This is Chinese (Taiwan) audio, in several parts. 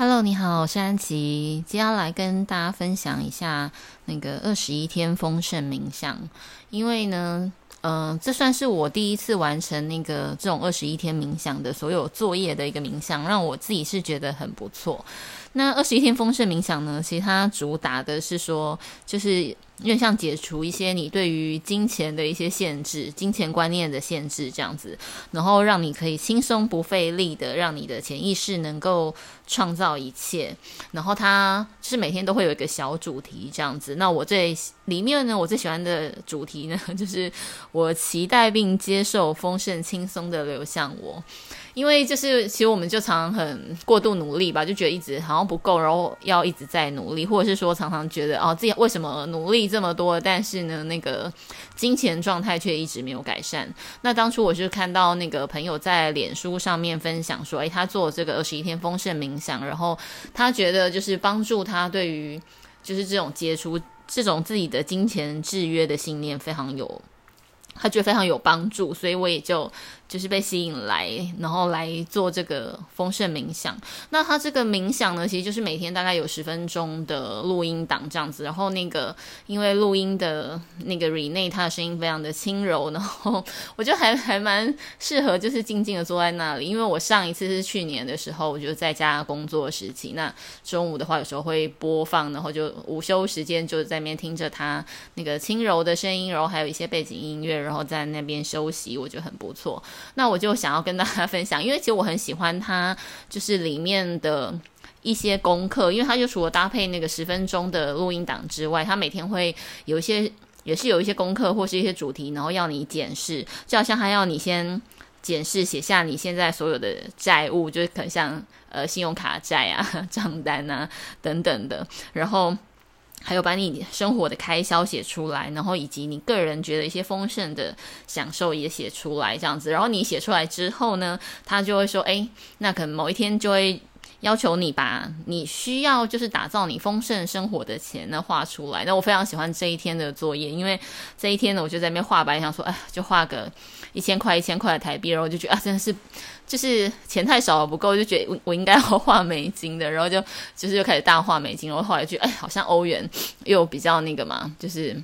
Hello，你好，我是安琪，接下來跟大家分享一下那個二十一天豐盛冥想，因為呢，嗯、呃，這算是我第一次完成那個這種二十一天冥想的所有作業的一個冥想，讓我自己是覺得很不錯。那二十一天豐盛冥想呢，其實它主打的是說，就是。因為像解除一些你對於金錢的一些限制，金錢觀念的限制這樣子，然後讓你可以輕鬆不費力的，讓你的潛意識能夠創造一切。然後它是每天都會有一個小主題這樣子。那我這。裡面呢，我最喜歡的主題呢，就是我期待並接受豐盛輕鬆的流向我，因為就是其實我們就常很過度努力吧，就覺得一直好像不夠，然後要一直在努力，或者是說常常覺得哦自己為什麼努力這麼多，但是呢那個金錢狀態卻一直沒有改善。那當初我是看到那個朋友在臉書上面分享說，哎，他做了這個二十一天豐盛冥想，然後他覺得就是幫助他對於就是這種接觸。這種自己的金錢制約的信念非常有，他覺得非常有幫助，所以我也就。就是被吸引來，然後來做這個豐盛冥想。那他這個冥想呢，其實就是每天大概有十分鐘的錄音檔這樣子。然後那個因為錄音的那個 Rene，他的聲音非常的輕柔，然後我就還還蠻適合，就是靜靜的坐在那裡。因為我上一次是去年的時候，我就在家工作時期。那中午的話，有時候會播放，然後就午休時間就在那邊聽着他那個輕柔的聲音，然後還有一些背景音樂，然後在那邊休息，我覺得很不錯。那我就想要跟大家分享，因為其實我很喜歡他，就是裡面的一些功課。因為他就除了搭配那個十分鐘的錄音檔之外，他每天會有一些，也是有一些功課或是一些主題，然後要你檢視。就好像他要你先檢視寫下你現在所有的債務，就是可能像呃信用卡債啊、賬單啊等等的，然後。還有把你生活的開銷寫出來，然後以及你個人覺得一些豐盛的享受也寫出來，這樣子。然後你寫出來之後呢，他就會說：“哎，那可能某一天就會要求你把你需要就是打造你豐盛生活的錢呢畫出來。”那我非常喜歡這一天的作業，因為這一天呢，我就在那邊畫白，想說：“哎、呃，就畫個一千塊、一千塊的台幣。”然後就覺得啊，真的是。就是錢太少了不夠，就覺得我，我應該要畫美金的，然後就就是就開始大畫美金，然後後來就哎，好像歐元又比較那個嘛，就是。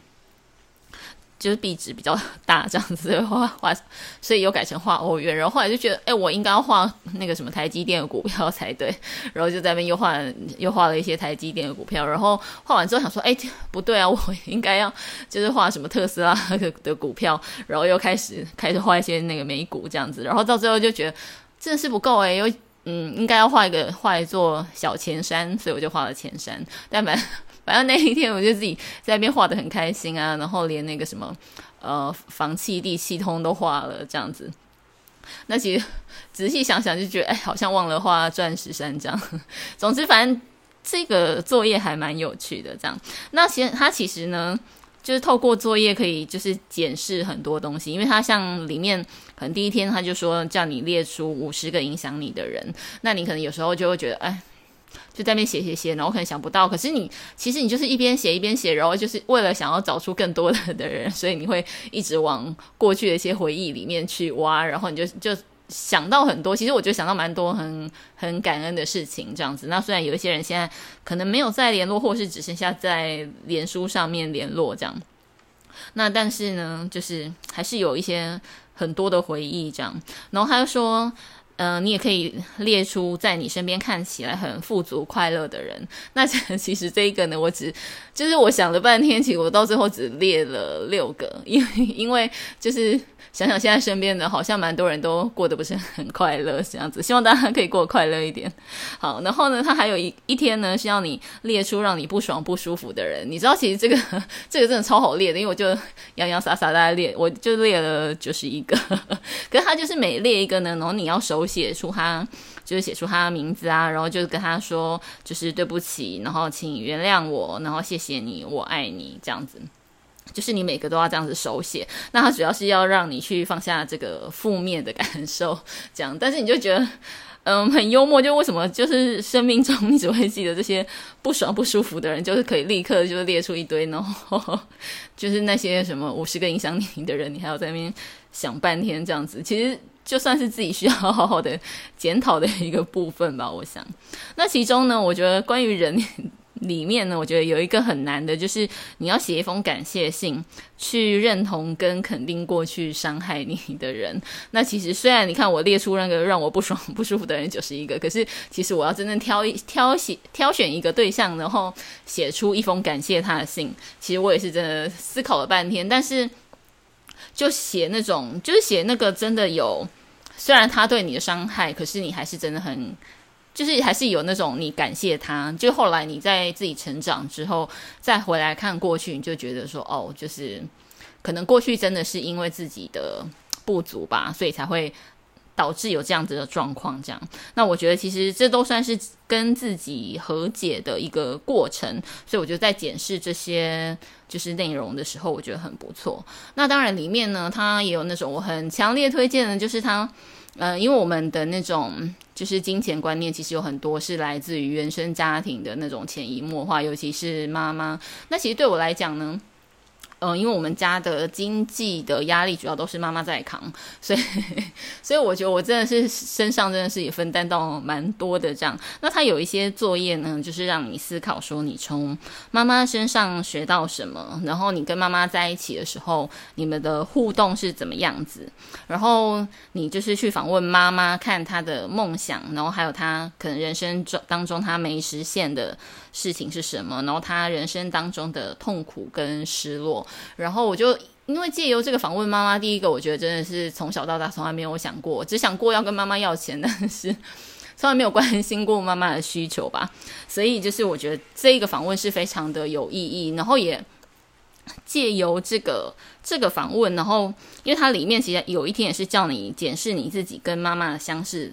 就是幣值比較大這樣子的話，畫，所以又改成畫歐元。然後後來就覺得，哎，我應該要畫那個什麼台積電的股票才對。然後就在那邊又畫，又畫了一些台積電的股票。然後畫完之後想說，哎，不對啊，我應該要就是畫什麼特斯拉的股票。然後又開始開始畫一些那個美股這樣子。然後到最後就覺得真的是不夠哎，又嗯，應該要畫一個畫一座小錢山，所以我就畫了錢山。但蠻。反正那一天，我就自己在那邊畫的很開心啊，然後連那個什麼，呃，房契地契通都畫了這樣子。那其實仔細想想，就覺得哎、欸，好像忘了畫鑽石山。總之，反正這個作業還蠻有趣的。這樣，那其實它其實呢，就是透過作業可以就是檢視很多東西，因為他像裡面可能第一天他就說叫你列出五十個影響你的人，那你可能有時候就會覺得哎。欸就在那邊寫寫寫，然後可能想不到。可是你其實你就是一邊寫一邊寫，然後就是為了想要找出更多的的人，所以你會一直往過去的一些回憶裡面去挖，然後你就就想到很多。其實我就想到蠻多很很感恩的事情，這樣子。那雖然有一些人現在可能沒有再聯絡，或是只剩下在臉書上面聯絡這樣，那但是呢，就是還是有一些很多的回憶這樣。然後他又說。嗯、呃，你也可以列出在你身邊看起來很富足快樂的人。那其實這一個呢，我只就是我想了半天，其實我到最後只列了六個，因為因為就是想想現在身邊的，好像蠻多人都過得不是很快樂這樣子。希望大家可以過得快樂一點。好，然後呢，他還有一一天呢，是要你列出讓你不爽不舒服的人。你知道，其實這個這個真的超好列的，因為我就洋洋灑灑在列，我就列了九十一個呵呵。可是他就是每列一個呢，然後你要熟。寫出他，就是寫出他的名字啊，然後就跟他說，就是對不起，然後請原諒我，然後謝謝你，我愛你，這樣子，就是你每個都要這樣子手寫。那他主要是要讓你去放下這個負面的感受，這樣。但是你就覺得，嗯，很幽默，就為什麼？就是生命中你只會記得這些不爽、不舒服的人，就是可以立刻就是列出一堆呢，然 後就是那些什麼五十個影響你的人，你還要在那邊想半天這樣子。其實。就算是自己需要好好地檢討的一個部分吧，我想。那其中呢，我覺得關於人裡面呢，我覺得有一個很難的，就是你要寫一封感謝信，去認同跟肯定過去傷害你的人。那其實雖然你看我列出那個讓我不爽不舒服的人九十一個，可是其實我要真正挑一挑選挑選一個對象，然後寫出一封感謝他的信，其實我也是真的思考了半天，但是。就寫那種，就是寫那個真的有，雖然他對你的傷害，可是你還是真的很，就是還是有那種你感謝他。就後來你在自己成長之後，再回來看過去，你就覺得說，哦，就是可能過去真的是因為自己的不足吧，所以才會。導致有這樣子的狀況，這樣，那我覺得其實這都算是跟自己和解的一個過程，所以我覺得在檢視這些就是內容的時候，我覺得很不錯。那當然裡面呢，它也有那種我很強烈推薦的，就是它，嗯、呃，因為我們的那種就是金錢觀念，其實有很多是來自於原生家庭的那種潛移默化，尤其是媽媽。那其實對我來講呢。嗯、呃，因為我們家的經濟的壓力主要都是媽媽在扛，所以所以我覺得我真的是身上真的是也分擔到蠻多的這樣。那他有一些作業呢，就是讓你思考說你從媽媽身上學到什麼，然後你跟媽媽在一起的時候，你們的互動是怎麼樣子，然後你就是去訪問媽媽，看她的夢想，然後還有她可能人生中當中她沒實現的事情是什麼，然後她人生當中的痛苦跟失落。然後我就因為借由這個訪問媽媽，第一個我覺得真的是從小到大從來沒有想過，只想過要跟媽媽要錢，但是從來沒有關心過媽媽的需求吧。所以就是我覺得這個訪問是非常的有意義，然後也借由這個這個訪問，然後因為它裡面其實有一天也是叫你檢視你自己跟媽媽的相似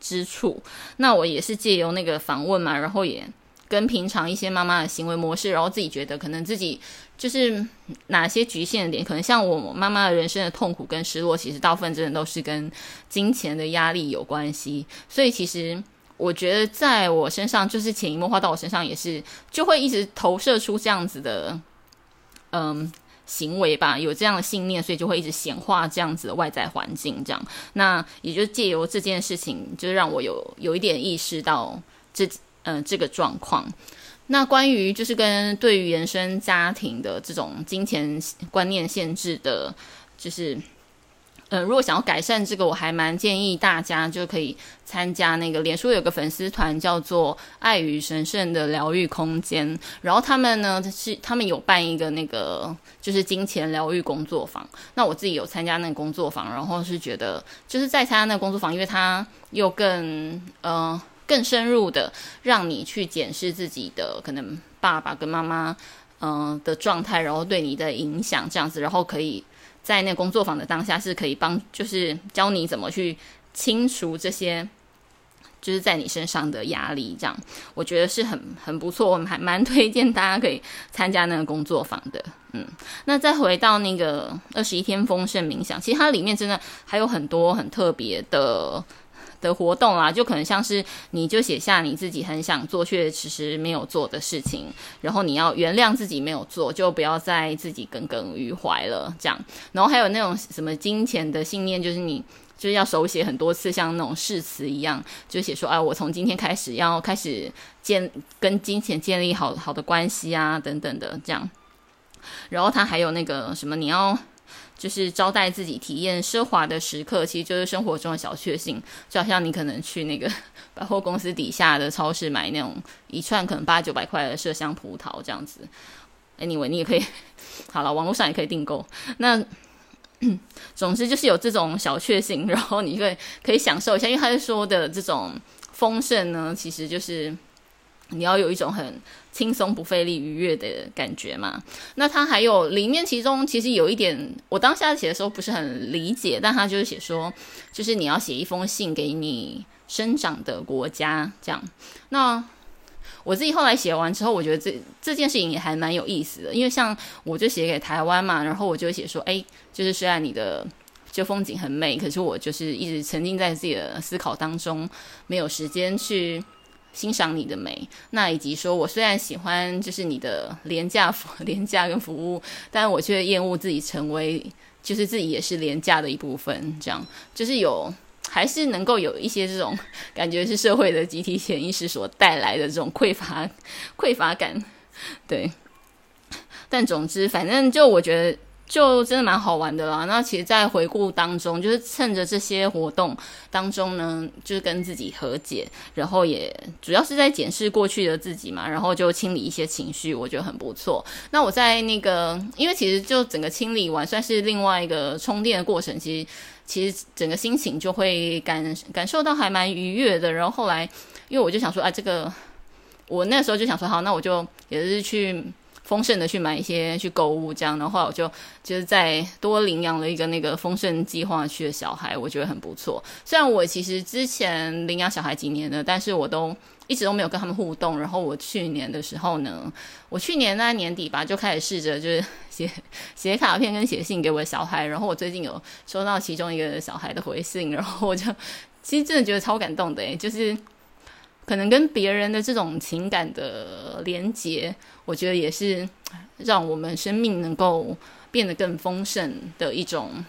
之處，那我也是借由那個訪問嘛，然後也。跟平常一些媽媽的行為模式，然後自己覺得可能自己就是哪些局限的點，可能像我媽媽的人生的痛苦跟失落，其實大部分真的都是跟金錢的壓力有關係。所以其實我覺得在我身上，就是潛移默化到我身上，也是就會一直投射出這樣子的嗯行為吧，有這樣的信念，所以就會一直顯化這樣子的外在環境。這樣，那也就借由這件事情，就讓我有有一點意識到這。嗯，這個狀況。那關於就是跟對於原生家庭的這種金錢觀念限制的，就是嗯，如果想要改善這個，我還蠻建議大家就可以參加那個臉書有個粉絲團叫做“愛與神聖的療癒空間”，然後他們呢是他們有辦一個那個就是金錢療癒工作坊。那我自己有參加那個工作坊，然後是覺得就是在參加那個工作坊，因為他又更嗯。呃更深入的，讓你去檢視自己的可能，爸爸跟媽媽，嗯、呃、的狀態，然後對你的影響這樣子，然後可以在那工作坊的當下是可以幫，就是教你怎麼去清除這些，就是在你身上的壓力，這樣我覺得是很很不錯，我們還蠻推薦大家可以參加那個工作坊的，嗯，那再回到那個二十一天豐盛冥想，其實它裡面真的還有很多很特別的。的活動啦、啊，就可能像是你就寫下你自己很想做卻其實沒有做的事情，然後你要原諒自己沒有做，就不要再自己耿耿於懷了這樣。然後還有那種什麼金錢的信念，就是你就是要手寫很多次，像那種誓詞一樣，就寫說，哎，我從今天開始要開始建跟金錢建立好好的關係啊，等等的這樣。然後他還有那個什麼，你要。就是招待自己體驗奢華的時刻，其實就是生活中的小確幸。就好像你可能去那個百貨公司底下的超市買那種一串可能八九百塊的麝香葡萄這樣子，Anyway，你也可以，好了，網絡上也可以訂購。那總之就是有這種小確幸，然後你會可，可以享受一下，因為他說的這種豐盛呢，其實就是。你要有一種很輕鬆、不費力、愉悅的感覺嘛？那它還有裡面其中，其實有一點我當下寫的時候不是很理解，但它就是寫說，就是你要寫一封信給你生長的國家，這樣。那我自己後來寫完之後，我覺得這這件事情也還蠻有意思的，因為像我就寫給台灣嘛，然後我就寫說，哎，就是雖然你的就風景很美，可是我就是一直沉浸在自己的思考當中，沒有時間去。欣賞你的美，那以及說我雖然喜歡，就是你的廉價服廉價跟服務，但我卻厭惡自己成為，就是自己也是廉價的一部分。這樣就是有，還是能夠有一些這種感覺，是社會的集體潛意識所帶來的這種匱乏、匱乏感。對，但總之，反正就我覺得。就真的蠻好玩的啦。那其實，在回顧當中，就是趁着這些活動當中呢，就是跟自己和解，然後也主要是在檢視過去的自己嘛，然後就清理一些情緒，我覺得很不錯。那我在那個，因為其實就整個清理完，算是另外一個充電的過程。其實，其實整個心情就會感感受到還蠻愉悅的。然後後來，因為我就想說，啊，這個我那時候就想說，好，那我就也是去，豐盛的去買一些去購物，這樣的話我就就是再多領養了一個那個豐盛計劃區的小孩，我覺得很不錯。雖然我其實之前領養小孩幾年了，但是我都一直都沒有跟他們互動。然後我去年的時候呢，我去年那年底吧，就開始試着就是寫寫卡片跟寫信給我的小孩。然後我最近有收到其中一個小孩的回信，然後我就其實真的覺得超感動的、欸，就是。可能跟別人的這種情感的連結，我覺得也是讓我們生命能夠變得更豐盛的一種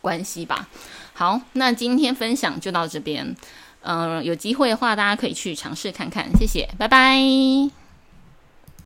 關係吧。好，那今天分享就到這邊。嗯、呃，有機會的話大家可以去嘗試看看，謝謝，拜拜。